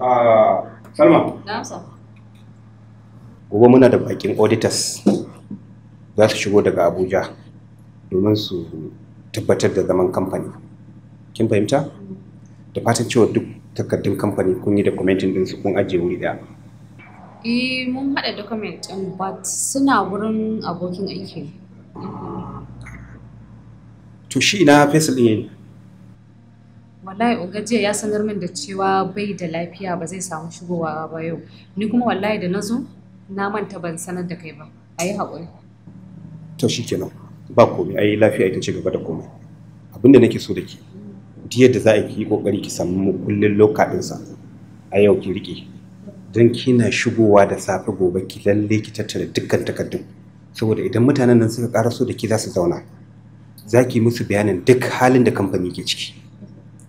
Ah, salma na sa. gobe muna da bakin auditors za su shigo daga abuja domin su tabbatar da zaman kamfani kin fahimta mm. da fatan cewa duk takardun kamfani kun yi dokumentin din su kun ajiye wuri ɗaya. eh mun haɗa dokument ɗin but suna wurin abokin aiki to shi na fesil ɗin wallahi oga jiya ya sanar min da cewa bai da lafiya ba zai samu shigowa ba yau ni kuma wallahi da nazo na manta ban sanar da kai ba ayi yi haƙuri to shi ba komai ayi lafiya ita ce gaba da komai abinda nake so da ke diya da za a yi kokari ki samu kullun sa a yau ki rike dan kina shigowa da safe gobe ki lalle ki tattara dukkan takardun saboda idan mutanen nan suka ƙara so da ki za su zauna zaki ki musu bayanin duk halin da kamfani ke ciki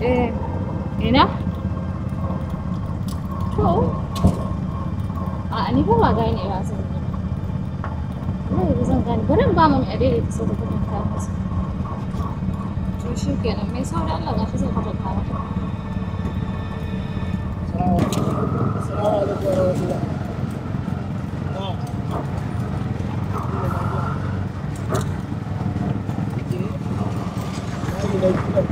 eh ina to a ni ba ba gane ba yi ba ba zan gane ba mu a daidaita sau da kudin ta to shi kenan mai sau da Allah ta masa Assalamu alaikum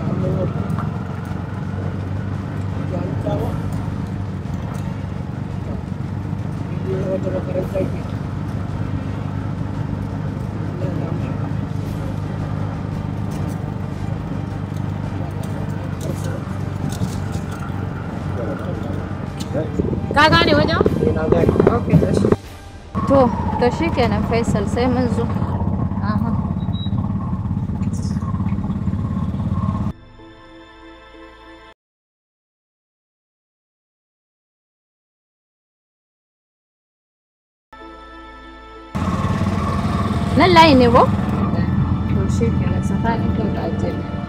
કાકાને વજા ઓકે જો તો શી કે ને ફેસલ છે મંજુ આહા لا لا ينبو شيء كذا سفاني كم تعجبني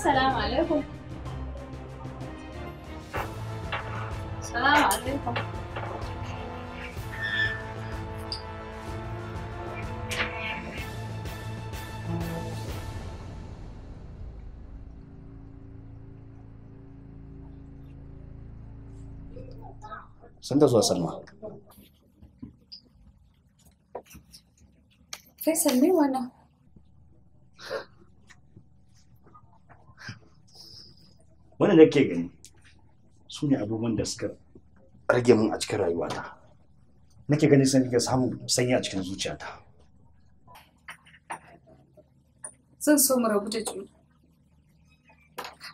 Assalamu alaikum. Assalamu alaikum. Sun da zuwa Salma. Faisal ne wannan da ke gani su ne abubuwan da suka rage min a cikin rayuwata nake gani sun rike samun sanyi a cikin zuciyata zan so mu rabu da juna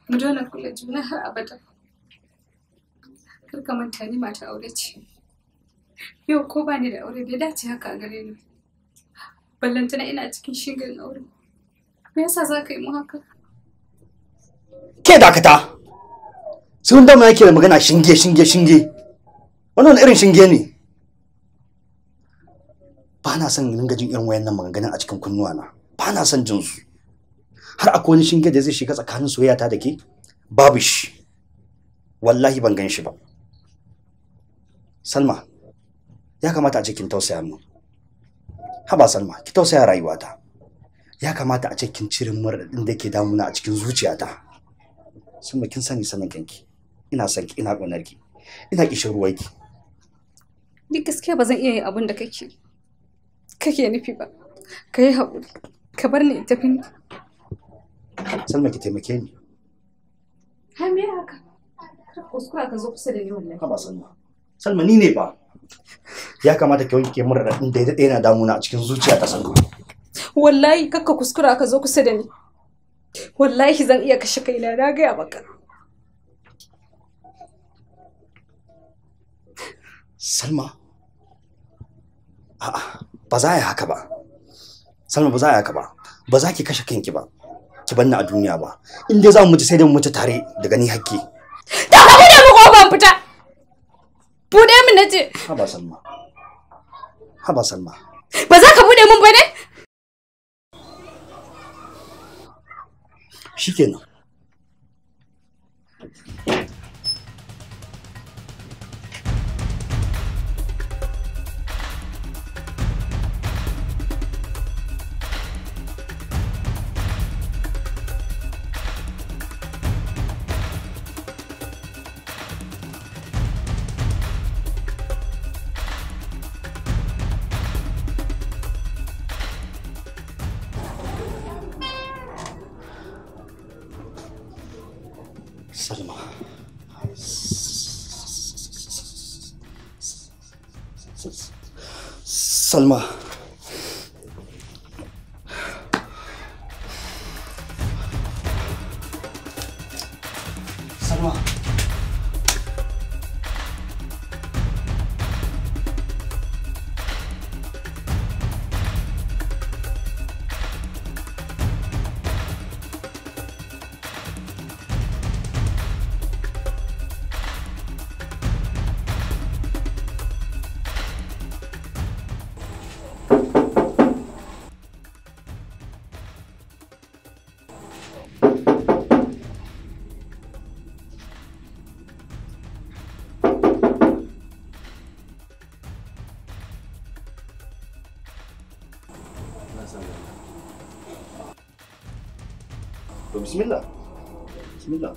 mu dona kula juna har abada kar ka manta ni mata aure ce yau ko ba ni da aure bai dace haka a gare ni ballantana ina cikin shigar aure me yasa za ka yi mu haka ke dakata sun dama yake da magana shinge shinge shinge wannan irin shinge ne ba na son dinga jin irin wayannan maganganun a cikin kunnuwana ba na son jin su har akwai wani shinge da zai shiga tsakanin soyayya da ke babu shi wallahi ban gan shi ba salma ya kamata a ce kin tausaya mu haba salma ki tausaya rayuwata ya kamata a ce kin cire murɗin da ke damuna a cikin zuciyata sun kin sani sanin kanki ina san ki ina ƙaunar ki ina kishin ruwan ki ni gaskiya ba zan iya yin abin da kake kake nufi ba ka yi haƙuri ka bar ni in tafi ni salma ki taimake ni ha me haka kuskura ka zo kusa da ni wallahi ba salma salma ni ne ba ya kamata ki wanke min raɗin da ya daɗe yana damuna a cikin zuciya ta salma wallahi kakka kuskura ka zo kusa da ni wallahi zan iya kashe kaina na gaya maka salma a'a ba za a yi haka ba salma ba za a yi haka ba ba za ki kashe kanki ba ki banna a duniya ba in dai za mu mutu sai dai mu mutu tare da gani hakki ta ka bude mu kofa fita bude mu nace ba salma ba salma ba za ka bude mun ba ne shikenan Salma Salma Bismillah. Bismillah.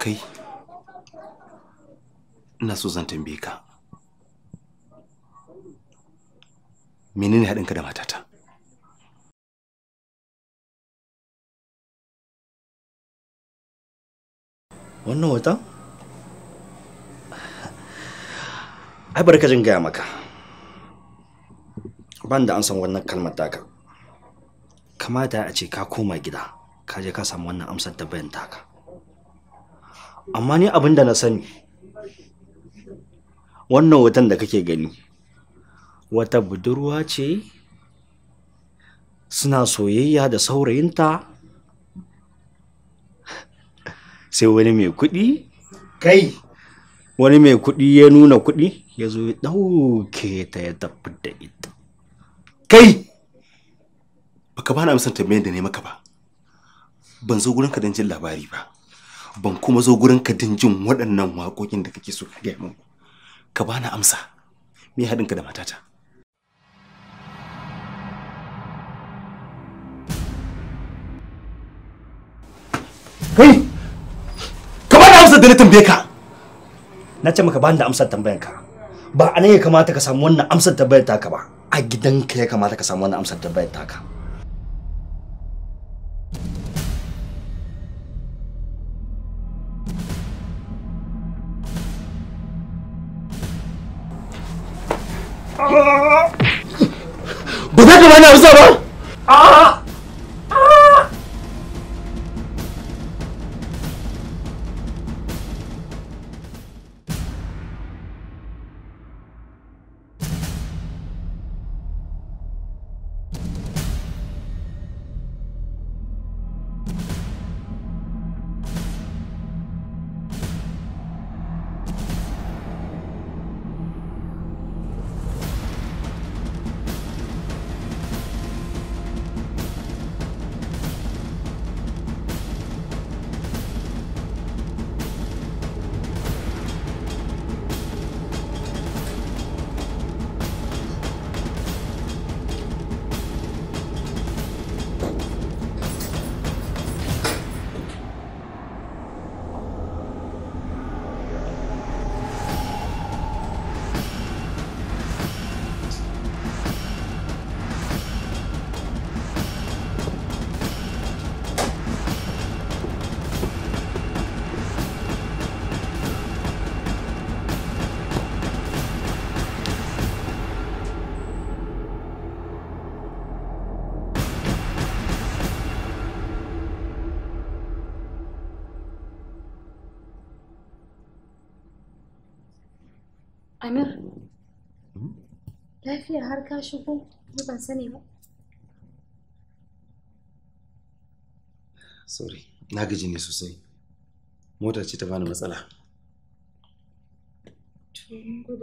kai ina so zan tambaye ka menene haɗinka da matata wannan wata? ai barka jin gaya maka ban da an san wannan kalmar taka kamata a ce ka koma gida ka je ka samu wannan amsar da bayan taka amma ni abin da na sani wannan hoton da kake gani wata budurwa ce suna soyayya da saurayinta sai wani mai kuɗi kai wani mai kuɗi ya nuna kuɗi ya zo ya ɗauke ta ya tafi da ita kai baka bani amsar tambayar da ne maka ba ban zo gurinka don jin labari ba ban kuma zo gurin ka din jin waɗannan waƙoƙin da kake so ka gaya min ka bani amsa me haɗin ka da matata kai ka bani amsa da na tambaye ka na ce maka bani da amsar tambayar ka ba a ya kamata ka samu wannan amsar tambayar taka ba a gidanka ya kamata ka samu wannan amsar tambayar taka ba za ka bani amsa ba Amir, hmm? lafiya har ka shigo, ni ban sani ba. Sorry, na gaji ne sosai. Mota ce ta bani matsala. To,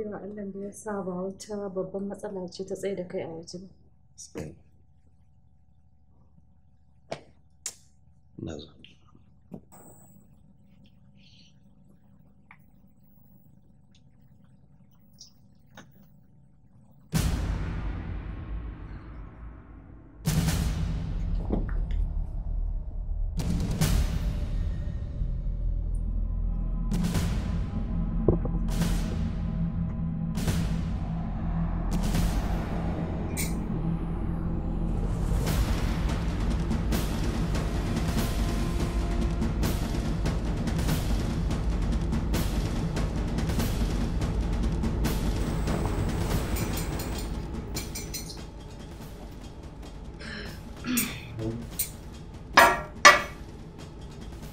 wa Allah da ya sa ba wata babban matsala ce ta tsaye da kai a waje Na zo.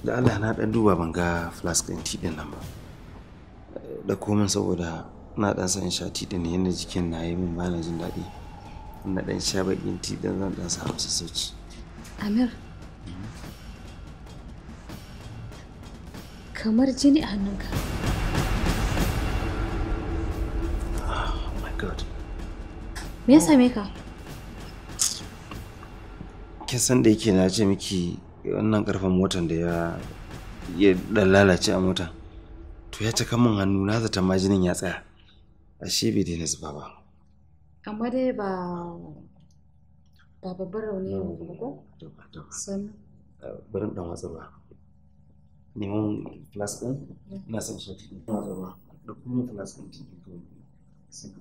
da Allah na dan duba ban ga flask ɗin tea nan ba da komin saboda na dan san sha tea ɗin yadda jikin na yi min na jin daɗi na dan sha baƙin tea ɗin zan dan samu sassauci Amir kamar jini a hannunka ka. me yasa Me ya same ka? Kin san da yake na ce miki wannan karfen motar da ya ya dan lalace a motar to ya cika min hannu na zata ma jinin ya tsaya ashe bai daina zuba ba amma dai ba ba babban rauni ne ba ko san barin dan watsa ba neman flask din mm. ina son shi watsa ba da kuma flask din sai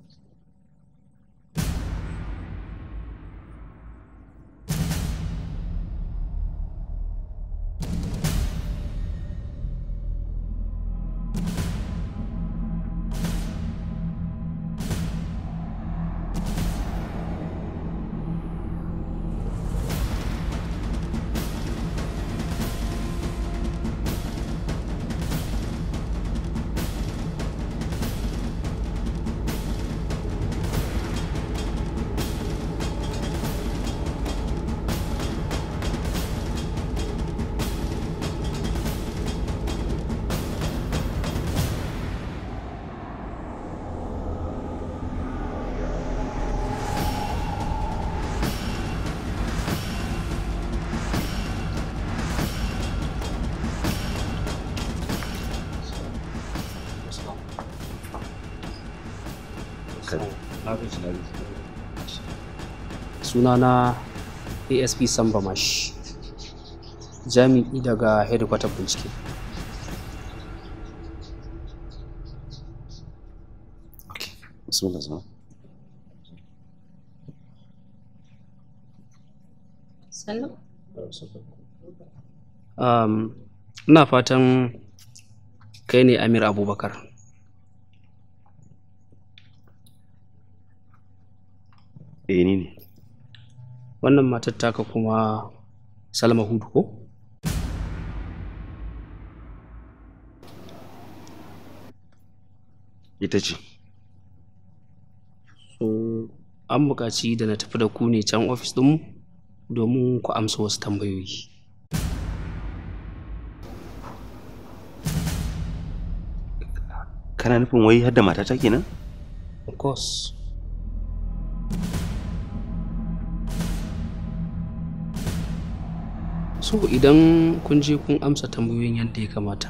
sunana asp samba mash jami'i daga headquarter bincike um, ina fatan kai ne amir abubakar eh ni ne wannan matar taka kuma salma hudu ko ita ce an buƙaci da na tafi da ku ne can ofis mu domin ku amsa wasu tambayoyi kana nufin wai har da ta kenan of course so idan kun je kun amsa tambayoyin yadda ya kamata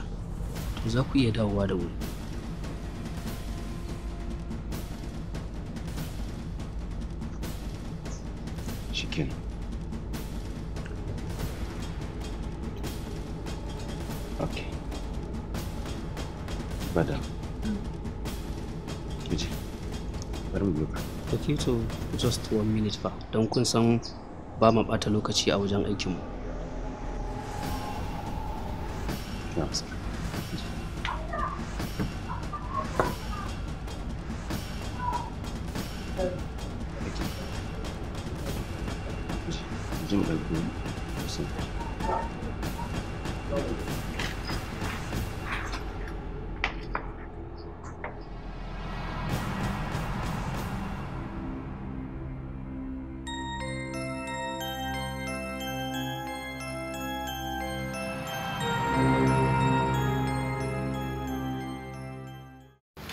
to za ku iya dawowa da wuri shikin ok bada kuje hmm. bari mu ok to just one minute fa don kun san ba ma ɓata lokaci a wajen aikinmu Namaste.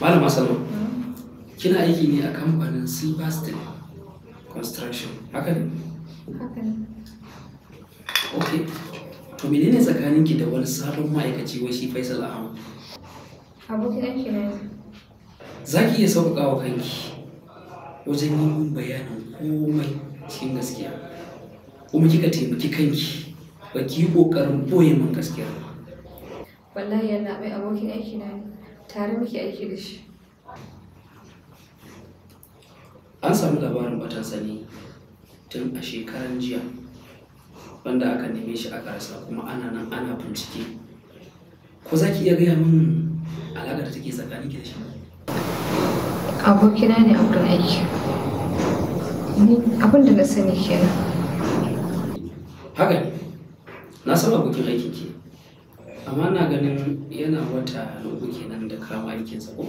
malama salma kina aiki ne a kamfanin silver construction haka ne ok to menene ki da wani sabon ma'aikaci wa shi faisal ahmad abokin aiki na za ki iya sauƙaƙa wa kanki wajen yin bayanin komai cikin gaskiya kuma kika taimaki kanki ba ki yi ƙoƙarin ɓoye min gaskiya wallahi yana mai abokin aiki na ne tare muke aiki da shi an samu labarin batan sani tun a shekaran jiya wanda aka neme shi a karasa kuma ana nan ana bincike ko za ki iya gaya min alaƙar da take tsakanin ki da shi abokina ne a wurin aiki abin da na sani kenan haka ne na san abokin aikin ki amma na ganin yana wata lokacin kenan da kama aikinsa ko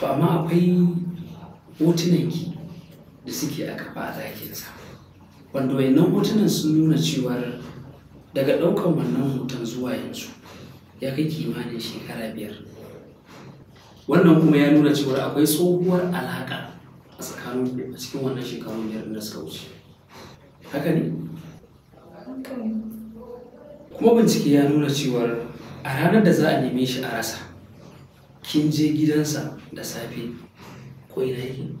to amma akwai hotunanki da suke aka ba a ɗakinsa wanda wayannan hotunan sun nuna cewar daga ɗaukan wannan hoton zuwa yanzu ya kai kimanin shekara biyar wannan kuma ya nuna cewar akwai tsohuwar alaƙa a tsakanin a cikin wannan shekarun biyar da suka wuce haka ne kuma bincike ya nuna cewar a ranar da za a neme shi a rasa kin je gidansa da safe ko ina yake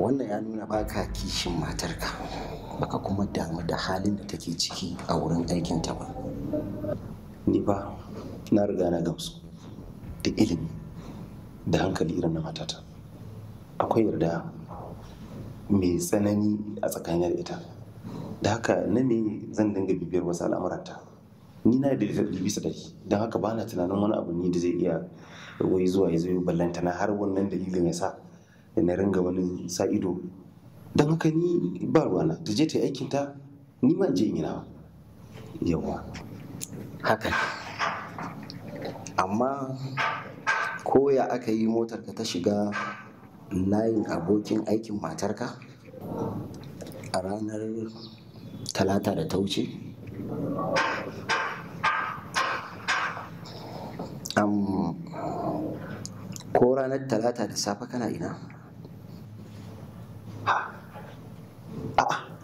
wannan ya nuna baka kishin matarka baka kuma damu da halin da take ciki a wurin aikinta ba ni ba na riga na gamsu da ilimi da hankali irin na matata akwai yarda mai tsanani a tsakanin da ita da haka na me zan dinga bibiyar wasu al'amuranta ni na da bisa da don haka ba na tunanin wani abu ne da zai iya wai zuwa ya zai ballanta na har wannan dalilin ya sa da na ringa wani sa ido don haka ni ba ruwana ta je ta yi ta ni ma je ina ba yawa haka amma koya aka yi motarka ta shiga layin abokin aikin matarka a ranar talata da ta wuce ko ranar talata da safe kana ina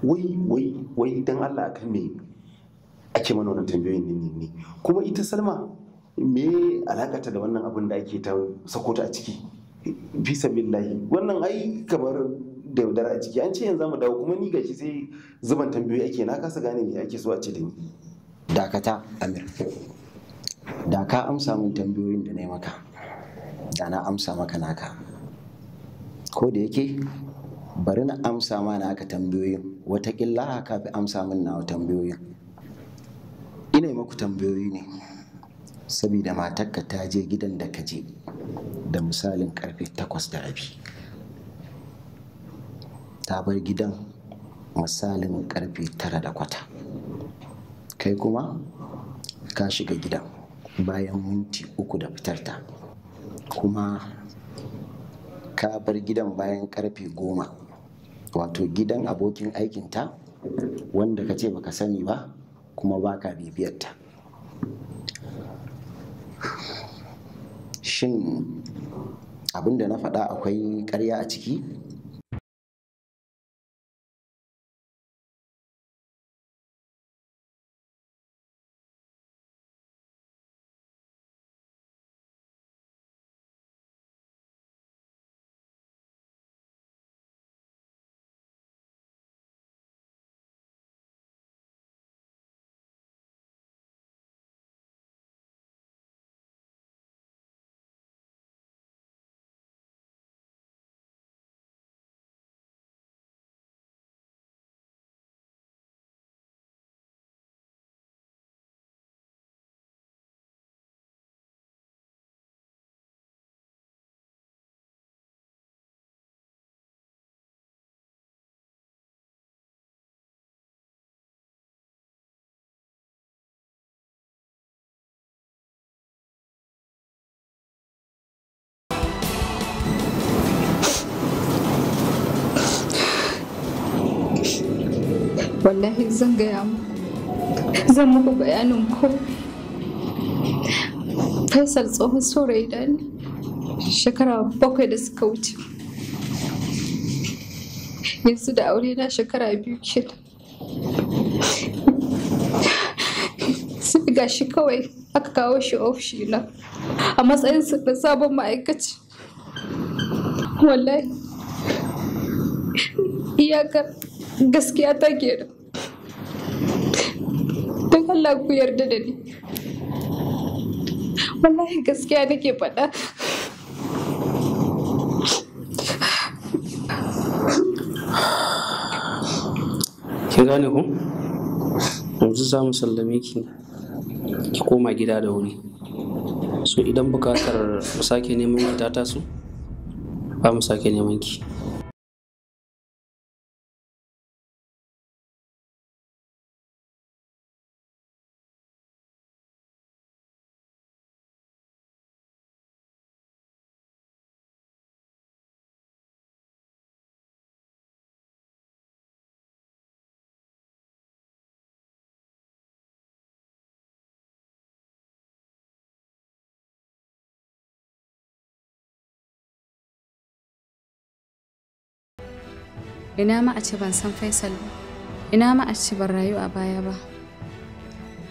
wai wai wai dan Allah akan me ake mana wannan tambayoyin ne ne ne kuma ita Salma me alakata da wannan abin da ake ta sakota a ciki bisa billahi wannan ai kamar da yaudara a ciki an ce yanzu mu dawo kuma ni gashi sai zuban tambayoyi ake na kasa gane me ake so a ce da ni dakata amir da ka amsa min tambayoyin da na yi maka da na amsa maka naka ko da yake bari na amsa ma na aka tambayoyin watakila haka fi amsa min na tambayoyin ina yi maku tambayoyi ne saboda matarka ta je gidan da ka je da misalin karfe takwas da rabi ta bar gidan misalin karfe tara da kwata kai kuma ka shiga gidan bayan minti uku da fitarta kuma ka bar gidan bayan karfe goma wato gidan abokin aikinta wanda ka ce baka sani ba kuma baka bibiyarta shin abinda na faɗa akwai ƙarya a ciki wallahi zan gaya muku zan muku bayanin ko faisal tsohon saurayi da ne shekara bakwai da suka wuce yanzu da aure na shekara biyu da su fi gashi kawai aka kawo shi ofishi na a matsayin su da sabon ma'aikaci wallahi iyakar gaskiya ta kenan Allah ku yarda da ni wallahi gaskiya nake faɗa ki gane ku yanzu za mu sallame ki ki koma gida da wuri so idan bukatar mu sake neman ki ta taso ba mu sake neman ki ina ma a ce ban san faisal ba ina ma a ce ban rayu a baya ba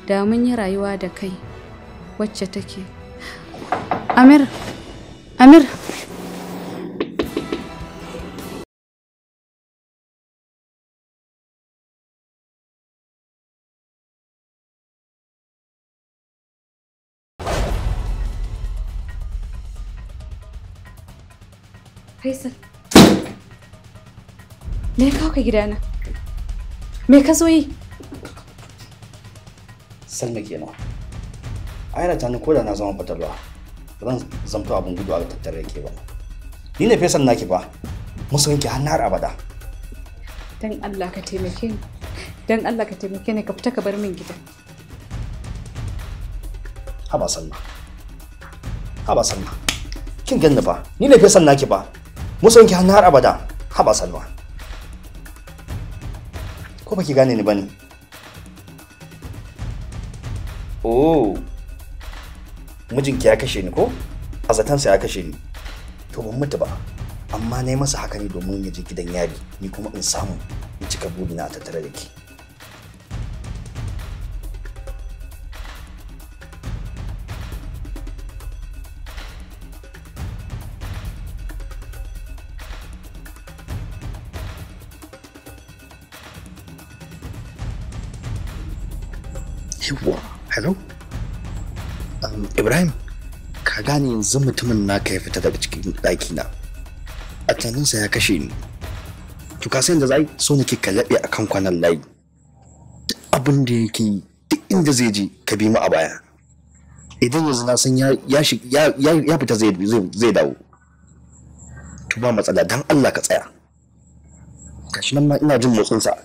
da mun yi rayuwa da kai wacce take amir amir Faisal. Me kawo ka gidana? Me ka zo yi? Salma kenan. Aina ta ni ko da na zama fatarwa. Zan zamto abin gudu a tattare ke ba. Ni ne fesan naki ba. Musu yanke har abada. Dan Allah ka taimake ni. Dan Allah ka taimake ni ka fita ka bar min gida. Haba Salma. Haba Salma. Kin ganni ba. Ni ne fesan naki ba. Musu yanke har abada. Haba Salma. ko baki gane ni bane oh mijinki ya kashe ni ko a zatansa ya kashe ni to ban mutu ba amma na yi masa haka ne domin ya je gidan yari ni kuma in samu in cika burina a tattare da ki Yawwa, hello? Um, Ibrahim, ka gane yanzu mutumin naka ya fita daga cikin ɗakina. A tunaninsa ya kashe ni. To ka san da za'i so nake ka laɓe a kan kwanan layi. Duk abin da yake yi, duk inda zai je ka bi mu a baya. Idan yanzu na san ya fita zai dawo. To ba matsala don Allah ka tsaya. Gashi nan ma ina jin motsinsa.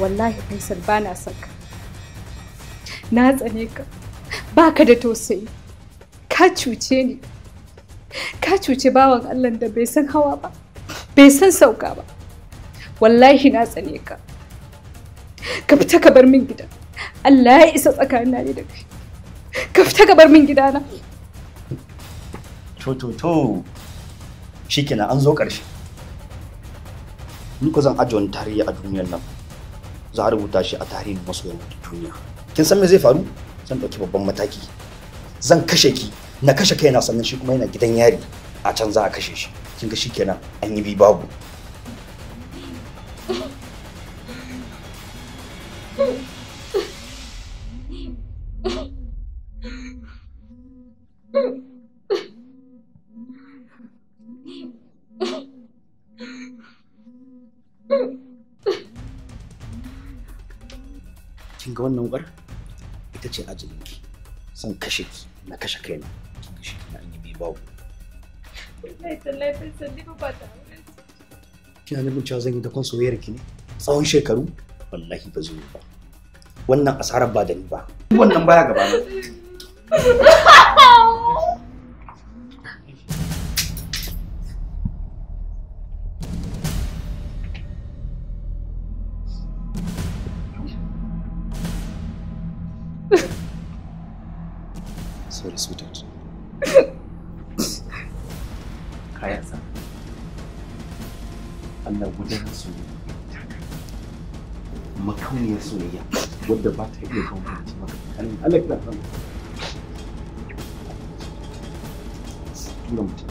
wallahi faisal ba na son ka na tsane ka ba ka da tausayi ka cuce ni ka cuce bawan allah da bai san hawa ba bai san sauka ba wallahi na tsane ka ka fita ka bar min gida allah ya isa tsakanin ne da kai ka fita ka bar min na. to to to shikenan an zo ƙarshe ni ko zan ajiye wani tarihi a duniyar nan za a rubuta shi a tarihin masoyan duniya kin san me zai faru zan ɗauki babban mataki zan kashe ki na kashe kai na sannan shi kuma yana gidan yari a can za a kashe shi kin ga shikenan an yi bi babu Mm-hmm. kin ga wannan uwar ita ce ajalinki zan kashe ki na kashe kai na. kashe ki na yi bi ba ta kina nufin cewa zan yi dakon soyayyar ki ne tsawon shekaru wallahi ba zai ba wannan asarar ba da ni ba wannan baya gaba na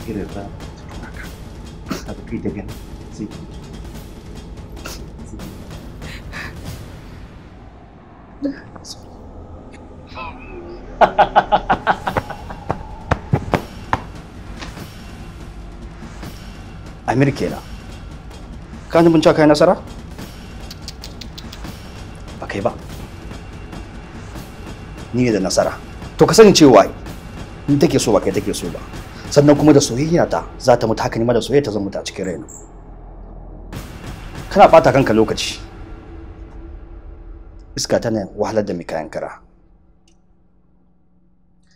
irin za su ka kaga kai Ka ji nasara? Ba ba. Ni ne da nasara. To ni sani cewa in take so ba kai take so ba. sannan kuma da soyayya ta za ta mutu haka ma da soyayya ta zama ta cikin raina kana bata kanka lokaci iska tana wahalar da mai kayan kara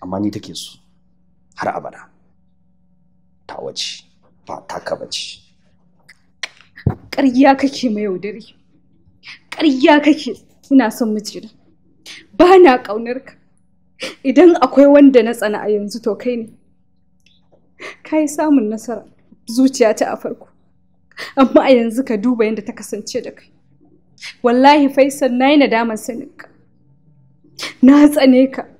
amma ni take su har abada ta wace ba taka bace ƙarya kake mai yaudari ƙarya kake ina son mijina ba na ƙaunar ka idan akwai wanda na tsana a yanzu to kai ne ka yi samun nasara zuciyata a farko amma a yanzu ka duba yadda ta kasance da kai wallahi faisal na yi nadamar sanin ka. na tsane ka